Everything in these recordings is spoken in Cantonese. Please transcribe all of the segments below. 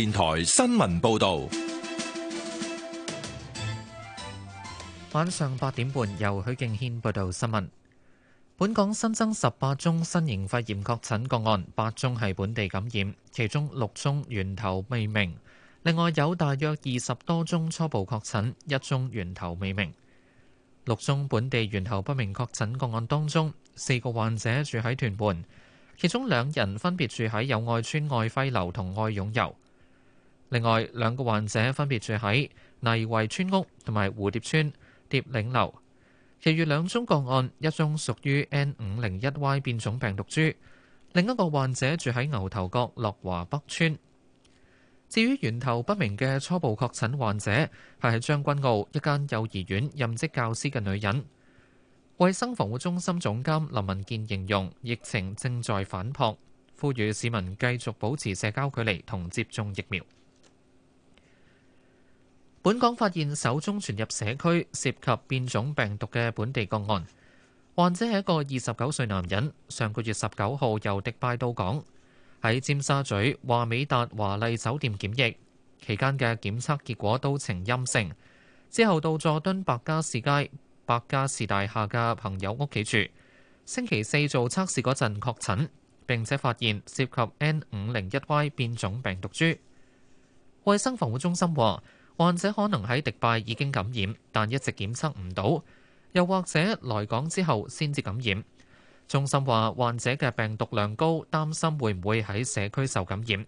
電台新聞報道，晚上八點半，由許敬軒報道新聞。本港新增十八宗新型肺炎確診個案，八宗係本地感染，其中六宗源頭未明。另外有大約二十多宗初步確診，一宗源頭未明。六宗本地源頭不明確診個案當中，四個患者住喺屯門，其中兩人分別住喺友愛邨愛輝樓同愛涌游。另外兩個患者分別住喺泥圍村屋同埋蝴蝶村蝶嶺樓。其餘兩宗個案，一宗屬於 N 五零一 Y 變種病毒株，另一個患者住喺牛頭角樂華北村。至於源頭不明嘅初步確診患者，係喺將軍澳一間幼兒園任職教師嘅女人。衛生防護中心總監林文健形容疫情正在反撲，呼籲市民繼續保持社交距離同接種疫苗。本港發現首宗傳入社區涉及變種病毒嘅本地個案，患者係一個二十九歲男人，上個月十九號由迪拜到港，喺尖沙咀華美達華麗酒店檢疫期間嘅檢測結果都呈陰性，之後到佐敦白加士街白加士大廈嘅朋友屋企住，星期四做測試嗰陣確診，並且發現涉及 N 五零一 Y 變種病毒株。衛生防護中心話，患者可能喺迪拜已經感染，但一直檢測唔到，又或者來港之後先至感染。中心話患者嘅病毒量高，擔心會唔會喺社區受感染。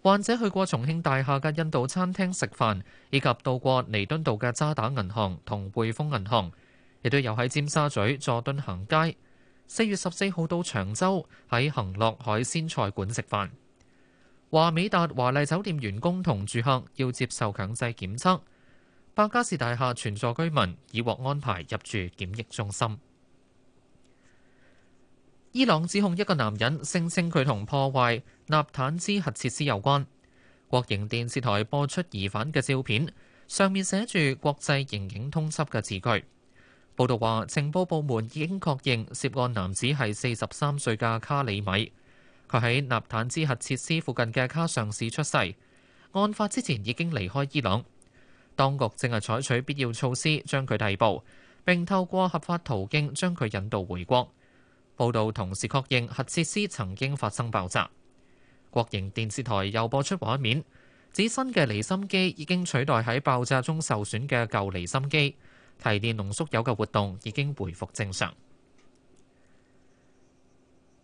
患者去過重慶大廈嘅印度餐廳食飯，以及到過彌敦道嘅渣打銀行同匯豐銀行，亦都有喺尖沙咀佐敦行街。四月十四號到長洲喺恒樂海鮮菜館食飯。華美達華麗酒店員工同住客要接受強制檢測，白加士大廈全座居民已獲安排入住檢疫中心。伊朗指控一個男人聲稱佢同破壞納坦茲核設施有關。國營電視台播出疑犯嘅照片，上面寫住國際刑警通緝嘅字句。報道話情報部門已經確認涉案男子係四十三歲嘅卡里米。佢喺納坦茲核設施附近嘅卡上市出世，案發之前已經離開伊朗。當局正係採取必要措施將佢逮捕，並透過合法途徑將佢引渡回國。報道同時確認核設施曾經發生爆炸。國營電視台又播出畫面，指新嘅離心機已經取代喺爆炸中受損嘅舊離心機，提煉濃縮鈾嘅活動已經回復正常。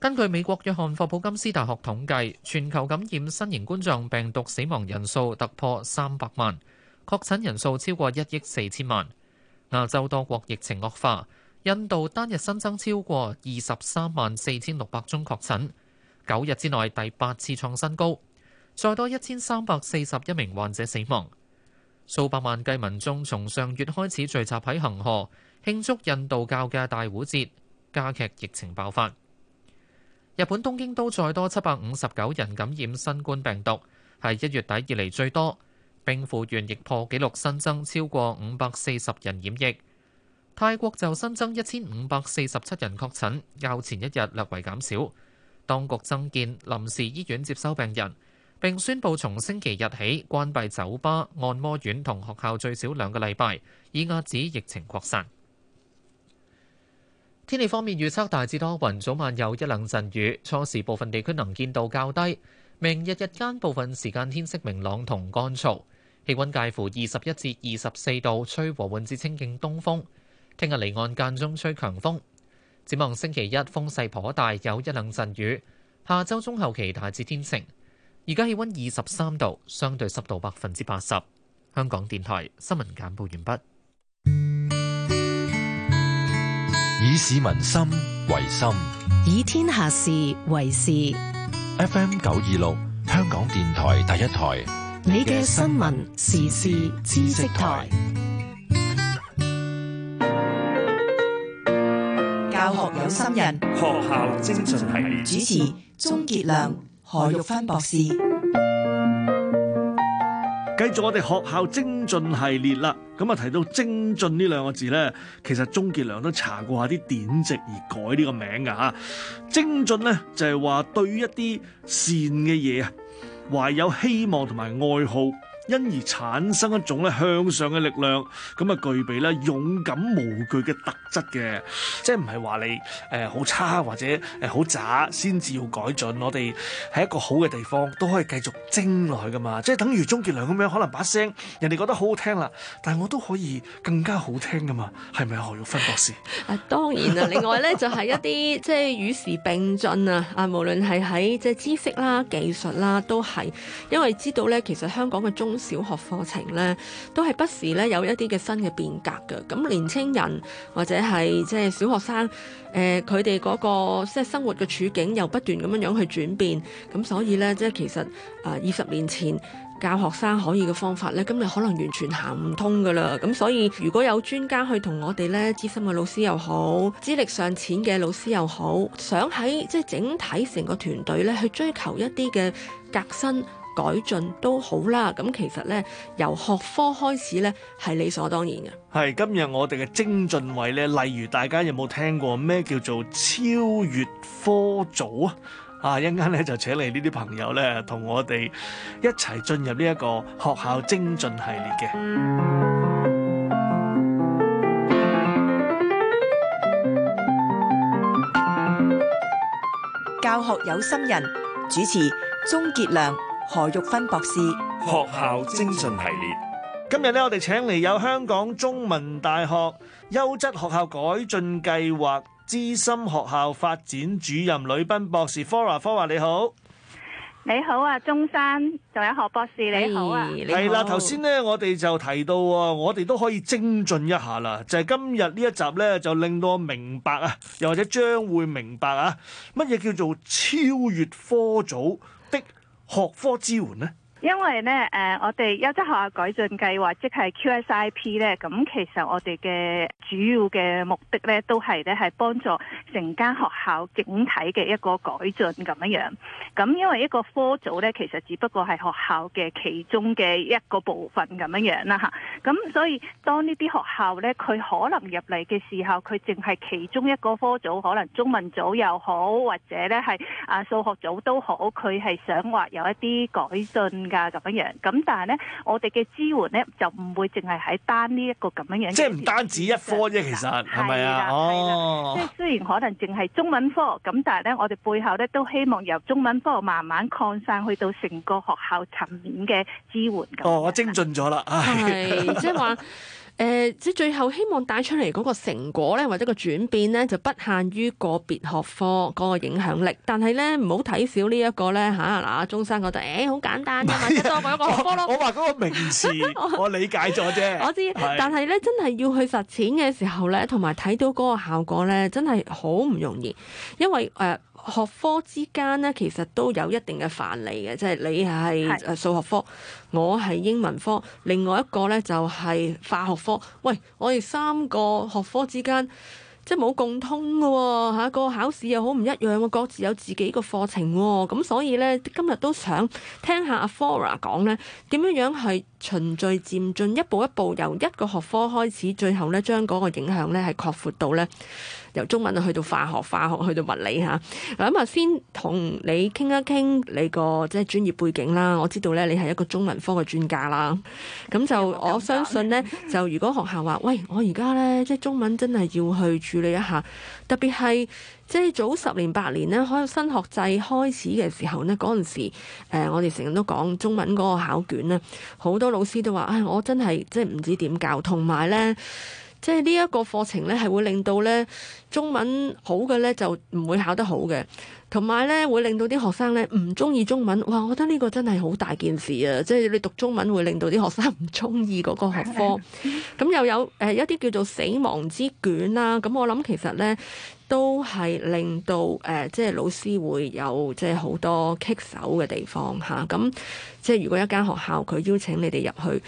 根據美國約翰霍普金斯大學統計，全球感染新型冠狀病毒死亡人數突破三百萬，確診人數超過一億四千萬。亞洲多國疫情惡化，印度單日新增超過二十三萬四千六百宗確診，九日之內第八次創新高，再多一千三百四十一名患者死亡。數百萬計民眾從上月開始聚集喺恒河慶祝印度教嘅大壺節，加劇疫情爆發。日本東京都再多七百五十九人感染新冠病毒，係一月底以嚟最多，兵庫縣亦破紀錄，新增超過五百四十人染疫。泰國就新增一千五百四十七人確診，較前一日略為減少。當局增建臨時醫院接收病人，並宣布從星期日起關閉酒吧、按摩院同學校最少兩個禮拜，以壓止疫情擴散。天氣方面預測大致多雲，早晚有一兩陣雨，初時部分地區能見度較低。明日日間部分時間天色明朗同乾燥，氣溫介乎二十一至二十四度，吹和緩至清勁東風。聽日離岸間中吹強風，展望星期一風勢頗大，有一兩陣雨。下周中後期大致天晴。而家氣溫二十三度，相對濕度百分之八十。香港電台新聞簡報完畢。以市民心為心，以天下事為事。FM 九二六，香港電台第一台，你嘅新聞時事知識台。教學有心人，學校精進係主持鍾杰良、何玉芬博士。繼續我哋學校精進系列啦，咁啊提到精進呢兩個字咧，其實鍾傑良都查過下啲典籍，而改呢個名噶吓。精進咧就係話對於一啲善嘅嘢啊，懷有希望同埋愛好。因而產生一種咧向上嘅力量，咁啊具備咧勇敢無懼嘅特質嘅，即係唔係話你誒好、呃、差或者誒好渣先至要改進？我哋喺一個好嘅地方都可以繼續精進㗎嘛，即係等於鍾傑良咁樣，可能把聲人哋覺得好好聽啦，但係我都可以更加好聽㗎嘛，係咪啊？何玉芬博士啊，當然啦，另外咧就係、是、一啲即係與時並進啊，啊，無論係喺即係知識啦、技術啦都係，因為知道咧其實香港嘅中小學課程呢，都係不時咧有一啲嘅新嘅變革嘅。咁年青人或者係即係小學生，誒、呃，佢哋嗰個即係生活嘅處境又不斷咁樣樣去轉變。咁所以呢，即係其實啊，呃、二十年前教學生可以嘅方法呢，今日可能完全行唔通噶啦。咁所以如果有專家去同我哋呢資深嘅老師又好，資歷尚淺嘅老師又好，想喺即係整體成個團隊呢，去追求一啲嘅革新。改進都好啦，咁其實呢，由學科開始呢係理所當然嘅。係今日我哋嘅精進位呢，例如大家有冇聽過咩叫做超越科組啊？啊，一陣間呢就請嚟呢啲朋友呢，同我哋一齊進入呢一個學校精進系列嘅教學有心人主持鍾傑良。何玉芬博士，學校精進系列，今日咧我哋請嚟有香港中文大學優質學校改進計劃資深學校發展主任呂斌博士，Fora Fora 你好，你好，啊，你好啊中山，仲有何博士你好啊，係啦，頭先咧我哋就提到啊，我哋都可以精進一下啦，就係、是、今日呢一集咧就令到我明白啊，又或者將會明白啊，乜嘢叫做超越科組。學科支援呢？因為呢，誒，我哋優質學校改進計劃，即係 QSIP 咧，咁其實我哋嘅主要嘅目的呢，都係咧係幫助成間學校整體嘅一個改進咁樣樣。咁因為一個科組呢，其實只不過係學校嘅其中嘅一個部分咁樣樣啦吓。咁所以當呢啲學校呢，佢可能入嚟嘅時候，佢淨係其中一個科組，可能中文組又好，或者呢係啊數學組都好，佢係想話有一啲改進。噶咁樣樣，咁但係咧，我哋嘅支援咧就唔會淨係喺單呢一個咁樣樣。即係唔單止一科啫，其實係咪啊？吧的哦，即係雖然可能淨係中文科，咁但係咧，我哋背後咧都希望由中文科慢慢擴散去到成個學校層面嘅支援。哦，我精進咗啦。係，即係話。 誒，即、呃、最後希望帶出嚟嗰個成果咧，或者個轉變咧，就不限於個別學科嗰個影響力。但係咧，唔好睇少呢一個咧嚇嗱，中山覺得誒好、欸、簡單㗎嘛，多、啊、一個學科咯。我話嗰個名詞， 我，我理解咗啫。 我知道，是但係咧真係要去實踐嘅時候咧，同埋睇到嗰個效果咧，真係好唔容易，因為誒。呃學科之間咧，其實都有一定嘅範例嘅，即係你係數學科，我係英文科，另外一個呢就係化學科。喂，我哋三個學科之間即係冇共通嘅喎，下個考試又好唔一樣喎，各自有自己個課程喎。咁所以呢，今日都想聽，聽下 Flora 講呢點樣樣係循序漸進，一步一步由一個學科開始，最後呢將嗰個影響呢係擴闊到呢。由中文去到化學，化學去到物理吓。嗱咁啊，先同你傾一傾你個即係專業背景啦。我知道咧，你係一個中文科嘅專家啦。咁就我相信呢，就如果學校話，喂，我而家呢，即係中文真係要去處理一下，特別係即係早十年八年咧，開新學制開始嘅時候呢，嗰陣時誒，我哋成日都講中文嗰個考卷呢，好多老師都話，唉、哎，我真係即係唔知點教，同埋呢。即係呢一個課程咧，係會令到咧中文好嘅咧就唔會考得好嘅，同埋咧會令到啲學生咧唔中意中文。哇！我覺得呢個真係好大件事啊！即係你讀中文會令到啲學生唔中意嗰個學科。咁 又有誒、呃、一啲叫做死亡之卷啦。咁、啊、我諗其實咧都係令到誒、呃、即係老師會有即係好多棘手嘅地方吓。咁、啊、即係如果一間學校佢邀請你哋入去。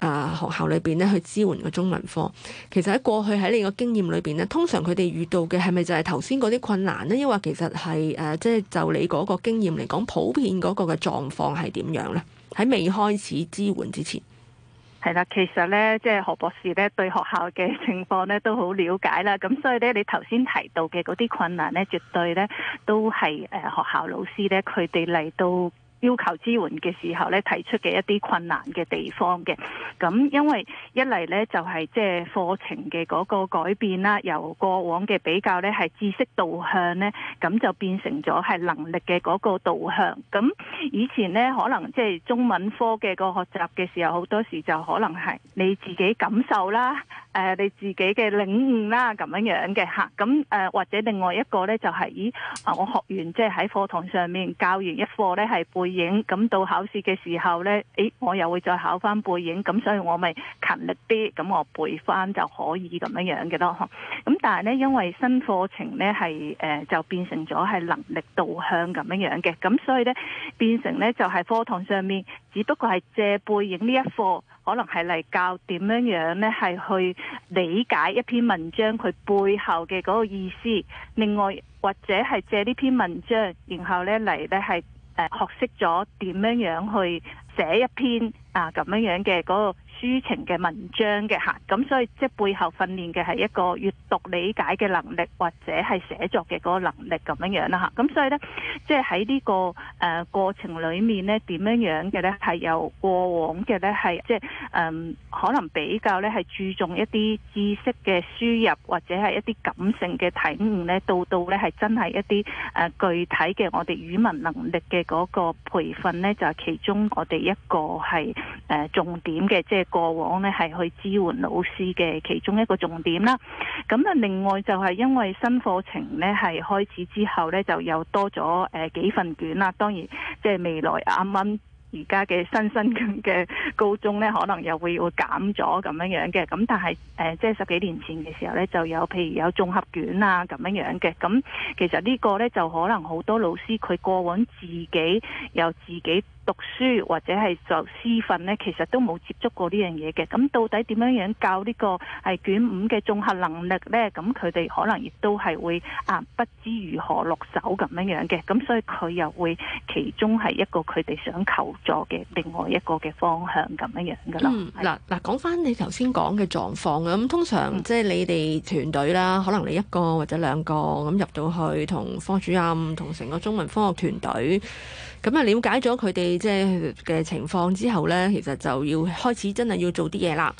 啊！學校裏邊咧去支援個中文科，其實喺過去喺你個經驗裏邊呢，通常佢哋遇到嘅係咪就係頭先嗰啲困難呢？抑或其實係誒，即係就你嗰個經驗嚟講，普遍嗰個嘅狀況係點樣呢？喺未開始支援之前，係啦，其實呢，即係何博士呢對學校嘅情況呢都好了解啦。咁所以呢，你頭先提到嘅嗰啲困難呢，絕對呢都係誒學校老師呢，佢哋嚟到。要求支援嘅時候咧，提出嘅一啲困難嘅地方嘅，咁因為一嚟咧就係即係課程嘅嗰個改變啦，由過往嘅比較咧係知識導向咧，咁就變成咗係能力嘅嗰個導向。咁以前咧可能即係中文科嘅個學習嘅時候，好多時就可能係你自己感受啦。誒、呃，你自己嘅領悟啦，咁樣樣嘅吓，咁、啊、誒，或者另外一個呢，就係、是，咦，啊，我學完即係喺課堂上面教完一課呢，係背影，咁到考試嘅時候呢，誒，我又會再考翻背影，咁所以我咪勤力啲，咁我背翻就可以咁樣樣嘅咯，咁、啊、但係呢，因為新課程呢，係誒、呃、就變成咗係能力導向咁樣樣嘅，咁所以呢，變成呢，就係、是、課堂上面只不過係借背影呢一課。可能係嚟教點樣樣咧，係去理解一篇文章佢背後嘅嗰個意思。另外或者係借呢篇文章，然後咧嚟咧係誒學識咗點樣樣去寫一篇啊咁樣樣嘅嗰個。抒情嘅文章嘅吓，咁所以即係背後訓練嘅係一個閱讀理解嘅能力，或者係寫作嘅嗰個能力咁樣樣啦吓，咁所以咧，即係喺呢個誒、呃、過程裏面咧，點樣樣嘅咧係由過往嘅咧係即係誒、呃、可能比較咧係注重一啲知識嘅輸入，或者係一啲感性嘅體悟咧，到到咧係真係一啲誒、呃、具體嘅我哋語文能力嘅嗰個培訓咧，就係、是、其中我哋一個係誒、呃、重點嘅，即係。過往咧係去支援老師嘅其中一個重點啦。咁啊，另外就係因為新課程咧係開始之後呢就又多咗誒、呃、幾份卷啦。當然，即、就、係、是、未來啱啱而家嘅新新嘅高中呢可能又會會減咗咁樣樣嘅。咁但係誒，即、呃、係、就是、十幾年前嘅時候呢就有譬如有綜合卷啊咁樣樣嘅。咁其實呢個呢，就可能好多老師佢過往自己又自己讀書或者係就私訓呢，其實都冇接觸過呢樣嘢嘅。咁到底點樣樣教呢個係卷五嘅綜合能力呢？咁佢哋可能亦都係會啊不知如何落手咁樣樣嘅。咁所以佢又會其中係一個佢哋想求助嘅另外一個嘅方向咁樣樣噶啦。嗯，嗱嗱，講翻你頭先講嘅狀況啊。咁通常、嗯、即係你哋團隊啦，可能你一個或者兩個咁入到去同科主任同成個中文科學團隊。咁啊，了解咗佢哋即係嘅情況之後咧，其實就要開始真係要做啲嘢啦。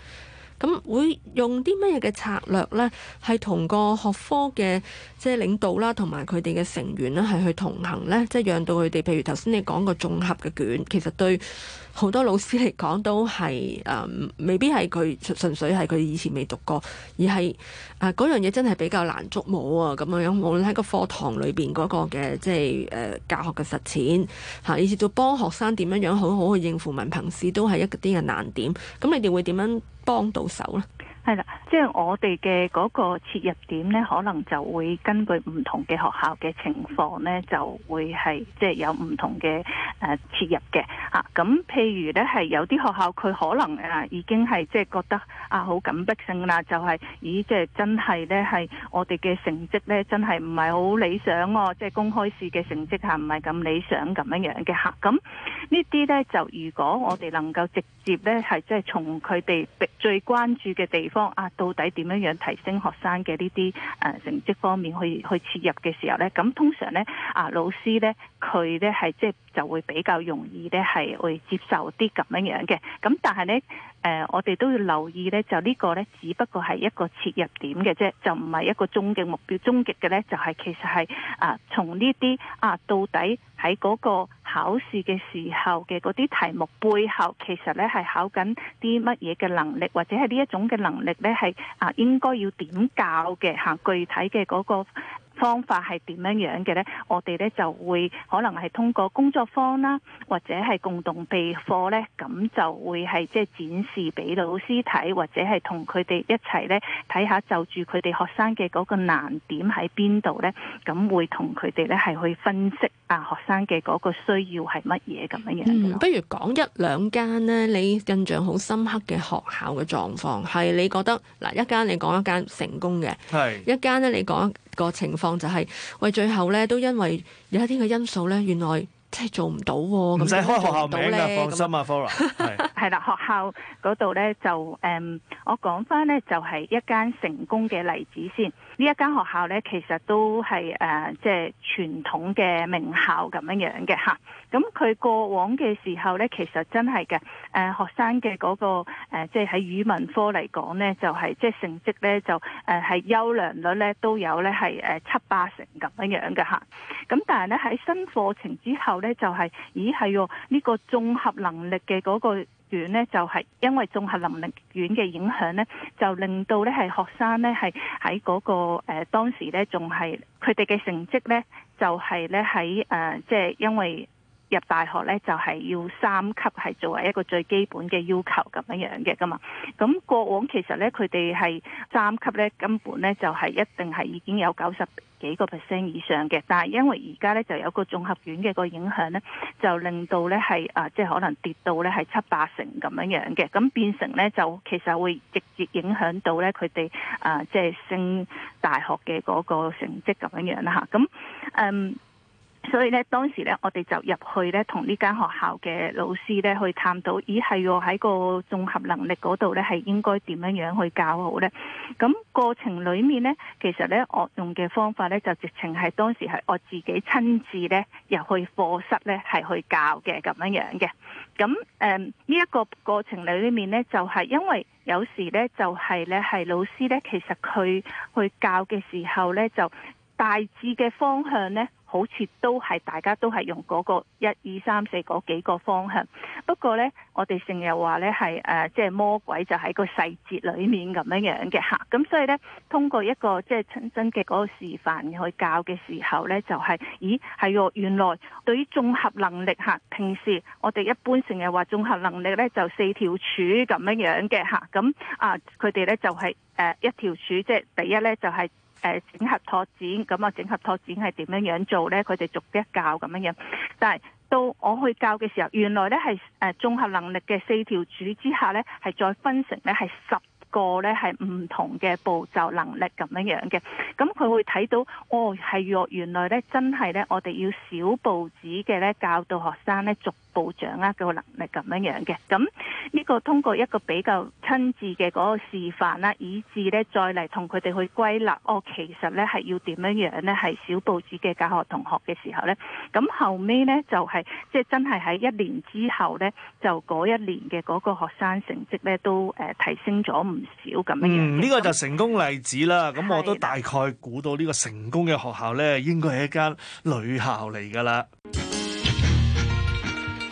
咁會用啲乜嘢嘅策略呢？係同個學科嘅即係領導啦，同埋佢哋嘅成員咧，係去同行呢，即係讓到佢哋。譬如頭先你講個綜合嘅卷，其實對好多老師嚟講都係誒、嗯，未必係佢純粹係佢以前未讀過，而係啊嗰樣嘢真係比較難捉摸啊。咁樣樣，無論喺個課堂裏邊嗰個嘅即係誒、呃、教學嘅實踐吓，以至到幫學生點樣樣好好去應付文憑試，都係一啲嘅難點。咁你哋會點樣幫到手咧，係啦，即係我哋嘅嗰個切入點呢，可能就會根據唔同嘅學校嘅情況呢，就會係即係有唔同嘅誒切入嘅啊。咁譬如呢，係有啲學校佢可能誒已經係即係覺得啊好緊迫性啦，就係咦，即係真係呢，係我哋嘅成績呢，真係唔係好理想哦，即係公開試嘅成績係唔係咁理想咁樣樣嘅吓。咁呢啲呢，就如果我哋能夠直咧係即係從佢哋最關注嘅地方啊，到底點樣樣提升學生嘅呢啲誒成績方面去去切入嘅時候咧，咁通常咧啊老師咧佢咧係即係就會比較容易咧係會接受啲咁樣樣嘅，咁但係咧誒我哋都要留意咧，就呢個咧只不過係一個切入點嘅啫，就唔係一個終極目標。終極嘅咧就係其實係啊從呢啲啊到底喺嗰個。考試嘅時候嘅嗰啲題目背後其實咧係考緊啲乜嘢嘅能力，或者係呢一種嘅能力咧係啊應該要點教嘅吓？具體嘅嗰個方法係點樣樣嘅咧？我哋咧就會可能係通過工作坊啦，或者係共同備課咧，咁就會係即係展示俾老師睇，或者係同佢哋一齊咧睇下就住佢哋學生嘅嗰個難點喺邊度咧，咁會同佢哋咧係去分析。啊！學生嘅嗰個需要係乜嘢咁樣樣？不如講一兩間咧，你印象好深刻嘅學校嘅狀況，係你覺得嗱一間你講一間成功嘅，係是一間咧你講一個情況就係、是，喂最後咧都因為有一啲嘅因素咧，原來。即係做唔到，啊，唔使開學校名啊！放心啊 Florence 係啦，學校嗰度咧就誒，嗯，我講翻咧就係、是、一間成功嘅例子先。呢一間學校咧，其實都係誒，即係傳統嘅名校咁樣樣嘅吓。咁，嗯，佢過往嘅時候咧，其實真係嘅，誒，嗯，學生嘅嗰、嗰個誒，即係喺語文科嚟講咧，就係即係成績咧，就誒係優良率咧都有咧係誒七八成咁樣樣嘅吓。咁，嗯，但係咧喺新課程之後。咧就係，咦係哦，呢個綜合能力嘅嗰個院呢，就係因為綜合能力院嘅影響呢，就令到呢係學生呢，係喺嗰個誒當時咧仲係佢哋嘅成績呢，就係呢喺誒即係因為。入大學咧就係、是、要三級係作為一個最基本嘅要求咁樣樣嘅噶嘛，咁、嗯、過往其實咧佢哋係三級咧根本咧就係、是、一定係已經有九十幾個 percent 以上嘅，但係因為而家咧就有個綜合院嘅個影響咧，就令到咧係啊即係、就是、可能跌到咧係七八成咁樣樣嘅，咁、嗯、變成咧就其實會直接影響到咧佢哋啊即係、就是、升大學嘅嗰個成績咁樣樣啦嚇，咁、啊、嗯。所以咧，當時咧，我哋就入去咧，同呢間學校嘅老師咧，去探討，咦，係喎，喺個綜合能力嗰度咧，係應該點樣樣去教好咧？咁過程裡面咧，其實咧，我用嘅方法咧，就直情係當時係我自己親自咧入去課室咧，係去教嘅咁樣樣嘅。咁誒呢一個過程裏面咧，就係因為有時咧，就係咧，係老師咧，其實佢去教嘅時候咧，就大致嘅方向呢，好似都係大家都係用嗰、那個一二三四嗰幾個方向。不過呢，我哋成日話呢，係誒即係魔鬼就喺個細節裏面咁樣樣嘅吓。咁、啊、所以呢，通過一個即係親身嘅嗰個示範去教嘅時候呢，就係、是、咦係原來對於綜合能力吓、啊、平時我哋一般成日話綜合能力呢，就四條柱咁樣樣嘅吓。咁啊，佢、啊、哋呢就係、是、誒、呃、一條柱，即、就、係、是、第一呢就係、是。誒、呃、整合拓展，咁、嗯、啊整合拓展係點樣樣做咧？佢哋逐一教咁樣樣，但係到我去教嘅時候，原來咧係誒綜合能力嘅四條主之下咧，係再分成咧係十個咧係唔同嘅步驟能力咁樣樣嘅。咁、嗯、佢會睇到哦係若原來咧真係咧，我哋要小步子嘅咧教導學生咧逐部長啊，個能力咁樣樣嘅。咁呢個通過一個比較親自嘅嗰個示範啦，以致呢再嚟同佢哋去歸納，哦，其實呢係要點樣樣呢？係小步子嘅教學同學嘅時候呢。咁後尾呢，就係即係真係喺一年之後呢，就嗰一年嘅嗰個學生成績呢都誒提升咗唔少咁樣樣。嗯，呢個就成功例子啦。咁我都大概估到呢個成功嘅學校呢，應該係一間女校嚟噶啦。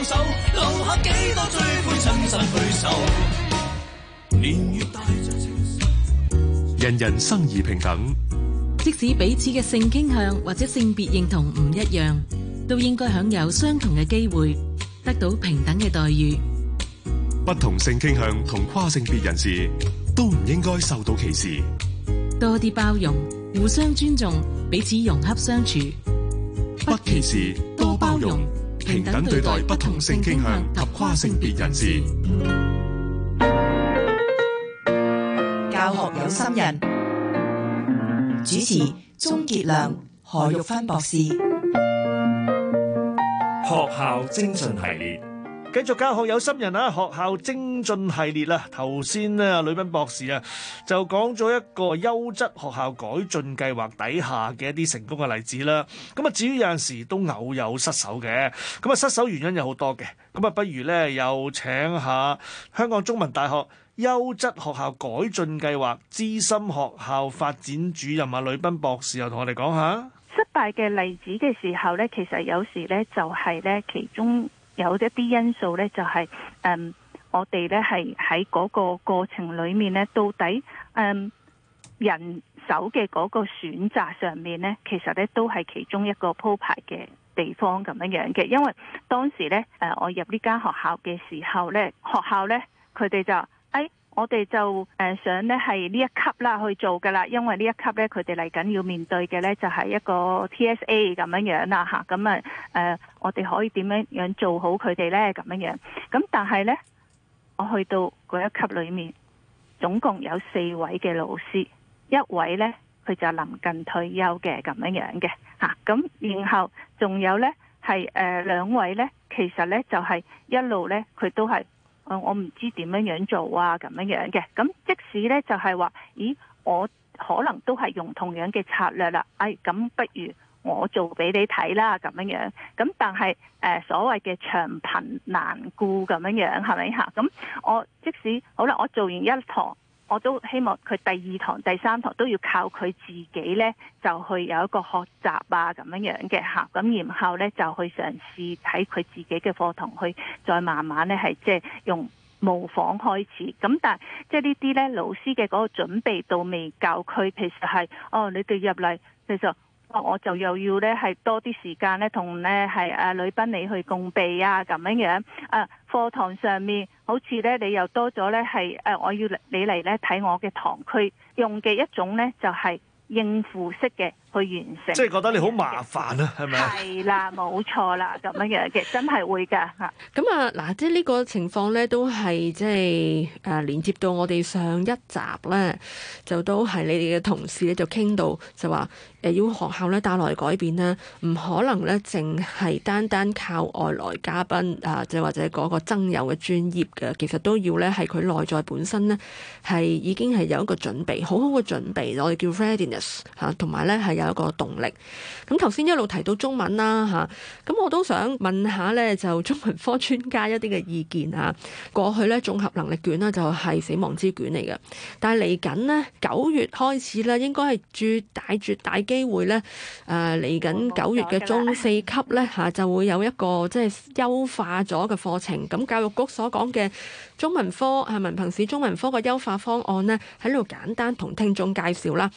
留下幾多追悔，人人生而平等，即使彼此嘅性傾向或者性別認同唔一樣，都應該享有相同嘅機會，得到平等嘅待遇。不同性傾向同跨性別人士都唔應該受到歧視。多啲包容，互相尊重，彼此融洽相處，不歧視，多包容。平等對待不同性傾向及跨性別人士。教學有心人，主持鍾傑良、何玉芬博士。學校精進系列。繼續教學有心人啊！學校精進系列啦，頭先呢，呂斌博士啊就講咗一個優質學校改進計劃底下嘅一啲成功嘅例子啦。咁啊，至於有陣時都偶有失手嘅，咁啊，失手原因有好多嘅。咁啊，不如呢，有請下香港中文大學優質學校改進計劃資深學校發展主任啊，呂斌博士又同我哋講下失敗嘅例子嘅時候呢，其實有時呢，就係呢其中。有一啲因素咧，就係誒，我哋咧係喺嗰個過程裏面咧，到底誒人手嘅嗰個選擇上面咧，其實咧都係其中一個鋪排嘅地方咁樣樣嘅。因為當時咧誒，我入呢間學校嘅時候咧，學校咧佢哋就。我哋就誒想咧係呢一級啦去做㗎喇，因為呢一級咧佢哋嚟緊要面對嘅咧就係一個 TSA 咁樣樣啦嚇，咁啊誒我哋可以點樣樣做好佢哋咧咁樣樣？咁但係咧，我去到嗰一級裏面，總共有四位嘅老師，一位咧佢就臨近退休嘅咁樣樣嘅嚇，咁、啊、然後仲有咧係誒兩位咧，其實咧就係、是、一路咧佢都係。我唔知點樣樣做啊，咁樣樣嘅。咁即使呢，就係話，咦，我可能都係用同樣嘅策略啦。哎，咁不如我做俾你睇啦，咁樣樣。咁但係誒所謂嘅長貧難顧咁樣樣，係咪吓，咁我即使好啦，我做完一堂。我都希望佢第二堂、第三堂都要靠佢自己呢，就去有一個學習啊咁樣樣嘅嚇，咁然後呢，就去嘗試睇佢自己嘅課堂去再慢慢呢，係即係用模仿開始。咁但係即係呢啲呢，老師嘅嗰個準備度未夠，其實係哦，你哋入嚟其實我、哦、我就又要呢，係多啲時間呢，同呢，係誒呂斌，你去共備啊咁樣樣啊。課堂上面好似咧，你又多咗咧，係誒，我要你嚟咧睇我嘅堂區用嘅一種咧，就係應付式嘅。去完成，即係覺得你好麻煩啊，係咪啊？係啦吧，冇 錯啦，咁樣樣嘅，真係會㗎吓，咁啊嗱，即係呢個情況咧，都係即係誒連接到我哋上一集咧，就都係你哋嘅同事咧，就傾到就話誒要學校咧帶來改變啦，唔可能咧淨係單單靠外來嘉賓啊，即係或者嗰個增有嘅專業嘅，其實都要咧係佢內在本身咧係已經係有一個準備，好好嘅準備，我哋叫 readiness 吓、啊、同埋咧係。有一個動力，咁頭先一路提到中文啦吓，咁、啊、我都想問下咧，就中文科專家一啲嘅意見啊。過去咧綜合能力卷咧就係死亡之卷嚟嘅，但係嚟緊呢，九月開始咧，應該係絕大絕大機會咧，誒嚟緊九月嘅中四級咧吓就會有一個即係優化咗嘅課程。咁教育局所講嘅。中文科啊，文憑試中文科嘅優化方案呢，喺度簡單同聽眾介紹啦。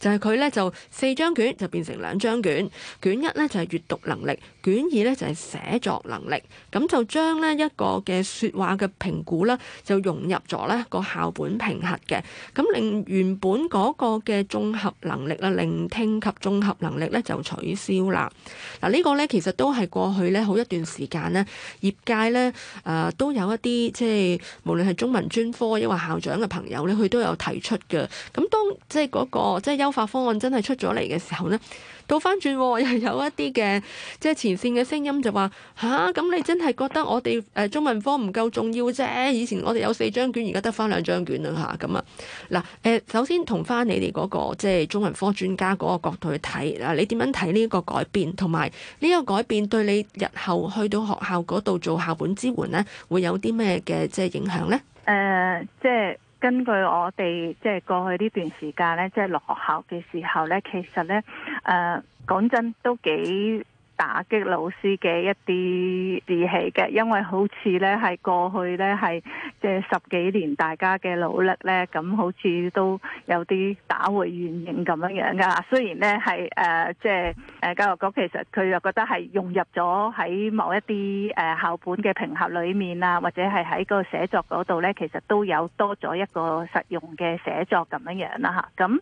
就係、是、佢呢，就四張卷就變成兩張卷，卷一呢就係、是、閱讀能力，卷二呢就係、是、寫作能力。咁就將呢一個嘅説話嘅評估呢，就融入咗呢個校本評核嘅。咁令原本嗰個嘅綜合能力啦，聆聽及綜合能力呢，就取消啦。嗱、這、呢個呢，其實都係過去呢好一段時間呢，業界呢誒、呃、都有一啲即係。無論係中文專科亦或校長嘅朋友咧，佢都有提出嘅。咁當即係嗰個即係優化方案真係出咗嚟嘅時候咧，倒翻轉又有一啲嘅即係前線嘅聲音就話吓，咁、啊、你真係覺得我哋誒中文科唔夠重要啫？以前我哋有四張卷，而家得翻兩張卷啦吓，咁啊嗱誒，首先同翻你哋嗰、那個即係、就是、中文科專家嗰個角度去睇嗱，你點樣睇呢個改變，同埋呢個改變對你日後去到學校嗰度做校本支援咧，會有啲咩嘅即係？影響咧？誒、呃，即係根據我哋即係過去呢段時間咧，即係落學校嘅時候咧，其實咧誒，講、呃、真都幾，打擊老師嘅一啲士氣嘅，因為好似呢係過去呢係即係十幾年大家嘅努力呢，咁好似都有啲打回原形咁樣樣噶。雖然呢係誒即係教育局其實佢又覺得係融入咗喺某一啲誒校本嘅評核裏面啊，或者係喺個寫作嗰度呢，其實都有多咗一個實用嘅寫作咁樣樣啦吓咁。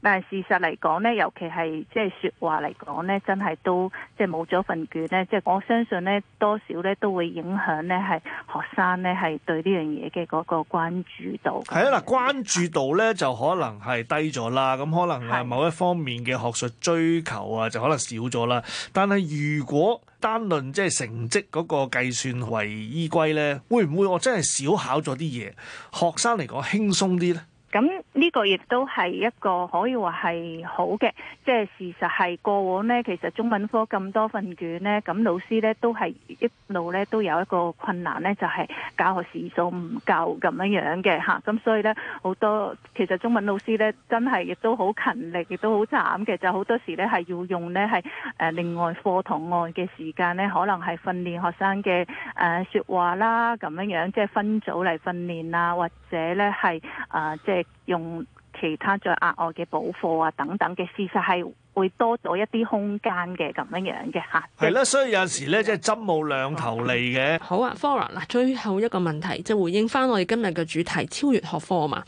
但係事實嚟講咧，尤其係即係說話嚟講咧，真係都即係冇咗份卷咧，即係我相信咧，多少咧都會影響咧係學生咧係對呢樣嘢嘅嗰個關注度。係啊，嗱，關注度咧就可能係低咗啦，咁的可能係某一方面嘅學術追求啊，就可能少咗啦。但係如果單論即係成績嗰個計算為依歸咧，會唔會我真係少考咗啲嘢？學生嚟講輕鬆啲咧？咁。呢個亦都係一個可以話係好嘅，即係事實係過往呢。其實中文科咁多份卷呢，咁老師呢都係一路呢都有一個困難呢，就係、是、教學時數唔夠咁樣樣嘅嚇。咁、啊、所以呢，好多其實中文老師呢真係亦都好勤力，亦都好慘嘅，就好、是、多時呢係要用呢係誒另外課堂外嘅時間呢，可能係訓練學生嘅誒說話啦咁樣樣，即係分組嚟訓練啊，或者呢係啊即係。用其他再額外嘅補課啊，等等嘅事實係會多咗一啲空間嘅咁樣樣嘅嚇。係啦，所以有陣時咧，即係針冇兩頭利嘅、嗯。好啊 Flora 嗱，ora, 最後一個問題，即係回應翻我哋今日嘅主題，超越學科啊嘛。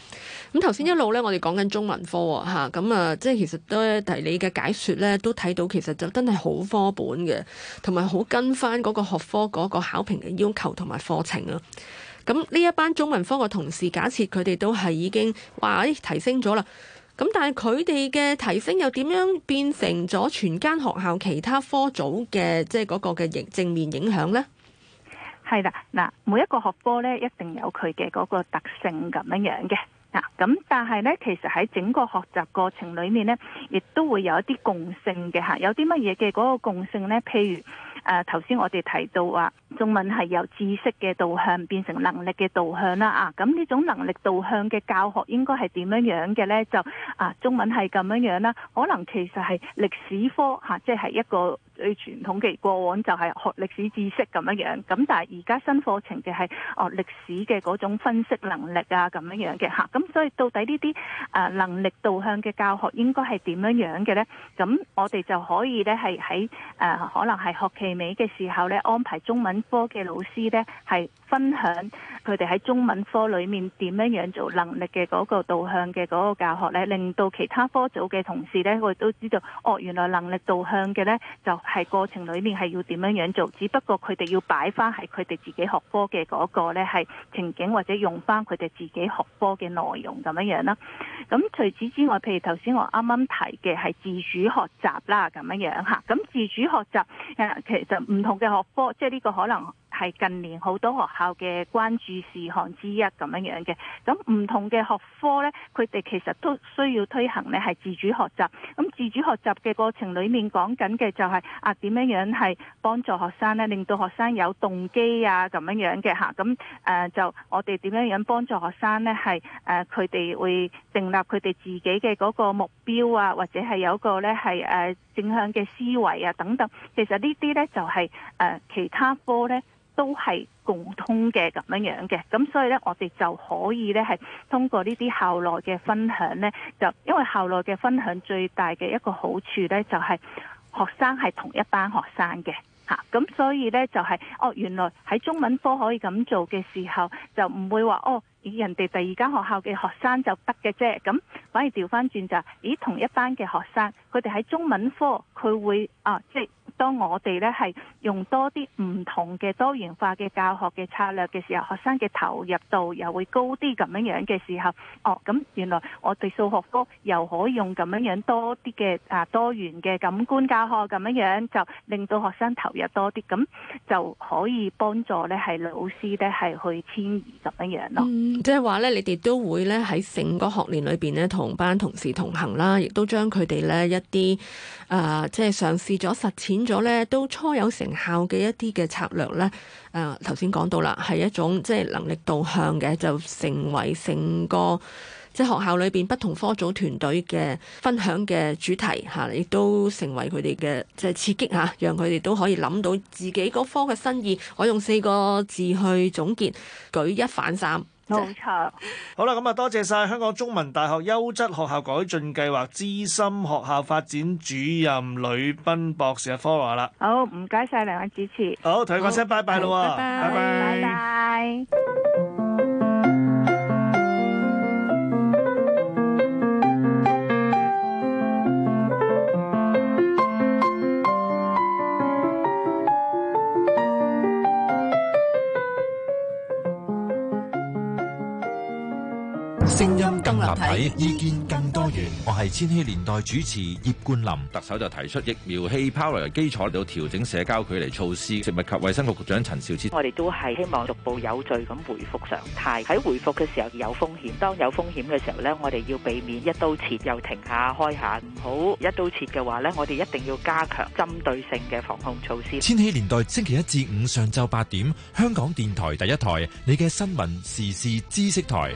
咁頭先一路咧，我哋講緊中文科啊嚇，咁啊，即、啊、係其實都係你嘅解説咧，都睇到其實就真係好科本嘅，同埋好跟翻嗰個學科嗰個考評嘅要求同埋課程啊。咁呢一班中文科嘅同事，假設佢哋都係已經話提升咗啦，咁但係佢哋嘅提升又點樣變成咗全間學校其他科組嘅即係嗰個嘅正面影響咧？係啦，嗱，每一個學科咧一定有佢嘅嗰個特性咁樣樣嘅，嗱，咁但係咧，其實喺整個學習過程裏面咧，亦都會有一啲共性嘅吓，有啲乜嘢嘅嗰個共性咧，譬如。誒頭先我哋提到話中文係由知識嘅導向變成能力嘅導向啦啊！咁呢種能力導向嘅教學應該係點樣樣嘅呢？就啊中文係咁樣樣啦，可能其實係歷史科嚇、啊，即係一個最傳統嘅過往就係學歷史知識咁樣樣。咁但係而家新課程嘅係哦歷史嘅嗰種分析能力啊咁樣樣嘅嚇。咁、啊、所以到底呢啲誒能力導向嘅教學應該係點樣樣嘅呢？咁我哋就可以呢係喺誒可能係學期尾嘅時候咧，安排中文科嘅老師咧，係分享佢哋喺中文科裏面點樣樣做能力嘅嗰個導向嘅嗰個教學咧，令到其他科組嘅同事咧，我哋都知道哦，原來能力導向嘅咧，就係過程裏面係要點樣樣做，只不過佢哋要擺翻喺佢哋自己學科嘅嗰個咧，係情景或者用翻佢哋自己學科嘅內容咁樣樣啦。咁除此之外，譬如頭先我啱啱提嘅係自主學習啦，咁樣樣吓。咁自主學習誒，其其實唔同嘅學科，即係呢個可能係近年好多學校嘅關注事項之一咁樣樣嘅，咁唔同嘅學科呢，佢哋其實都需要推行咧，係自主學習。咁自主學習嘅過程裡面講緊嘅就係、是、啊點樣樣係幫助學生呢，令到學生有動機啊咁樣樣嘅吓，咁、啊、誒就我哋點樣樣幫助學生呢？係誒佢哋會訂立佢哋自己嘅嗰個目標啊，或者係有一個咧係、啊、正向嘅思維啊等等。其實呢啲呢就係、是、誒、啊、其他科呢。都係共通嘅，咁樣樣嘅，咁所以呢，我哋就可以呢係通過呢啲校內嘅分享呢，就因為校內嘅分享最大嘅一個好處呢，就係學生係同一班學生嘅吓，咁所以呢，就係哦，原來喺中文科可以咁做嘅時候，就唔會話哦，人哋第二間學校嘅學生就得嘅啫，咁反而調翻轉就咦，同一班嘅學生，佢哋喺中文科佢會啊即係。當我哋咧係用多啲唔同嘅多元化嘅教學嘅策略嘅時候，學生嘅投入度又會高啲咁樣樣嘅時候，哦，咁原來我哋數學科又可以用咁樣樣多啲嘅啊多元嘅感官教學咁樣樣，就令到學生投入多啲，咁就可以幫助咧係老師咧係去遷移咁樣樣咯。即係話咧，就是、你哋都會咧喺成個學年裏邊咧同班同事同行啦，亦都將佢哋咧一啲啊即係嘗試咗實踐。咗咧，都初有成效嘅一啲嘅策略咧。誒、呃，頭先講到啦，係一種即係能力導向嘅，就成為成個即係學校裏邊不同科組團隊嘅分享嘅主題吓，亦、啊、都成為佢哋嘅即係刺激吓、啊，讓佢哋都可以諗到自己嗰科嘅新意。我用四個字去總結，舉一反三。冇錯。錯。 好啦，咁啊，多謝晒香港中文大學優質學校改進計劃資深學校發展主任呂斌博士嘅講話啦。好，唔該晒，兩位主持。好，同你講聲拜拜咯，拜拜。拜拜。意見更多元，我係千禧年代主持葉冠霖。特首就提出疫苗氣泡作為基礎，嚟到調整社交距離措施。食物及衛生局局長陳肇始：我哋都係希望逐步有序咁回復常態。喺回復嘅時候有風險，當有風險嘅時候呢，我哋要避免一刀切又停下開下，唔好一,一刀切嘅話呢，我哋一定要加強針對性嘅防控措施。千禧年代星期一至五上晝八點，香港電台第一台，你嘅新聞時事知識台。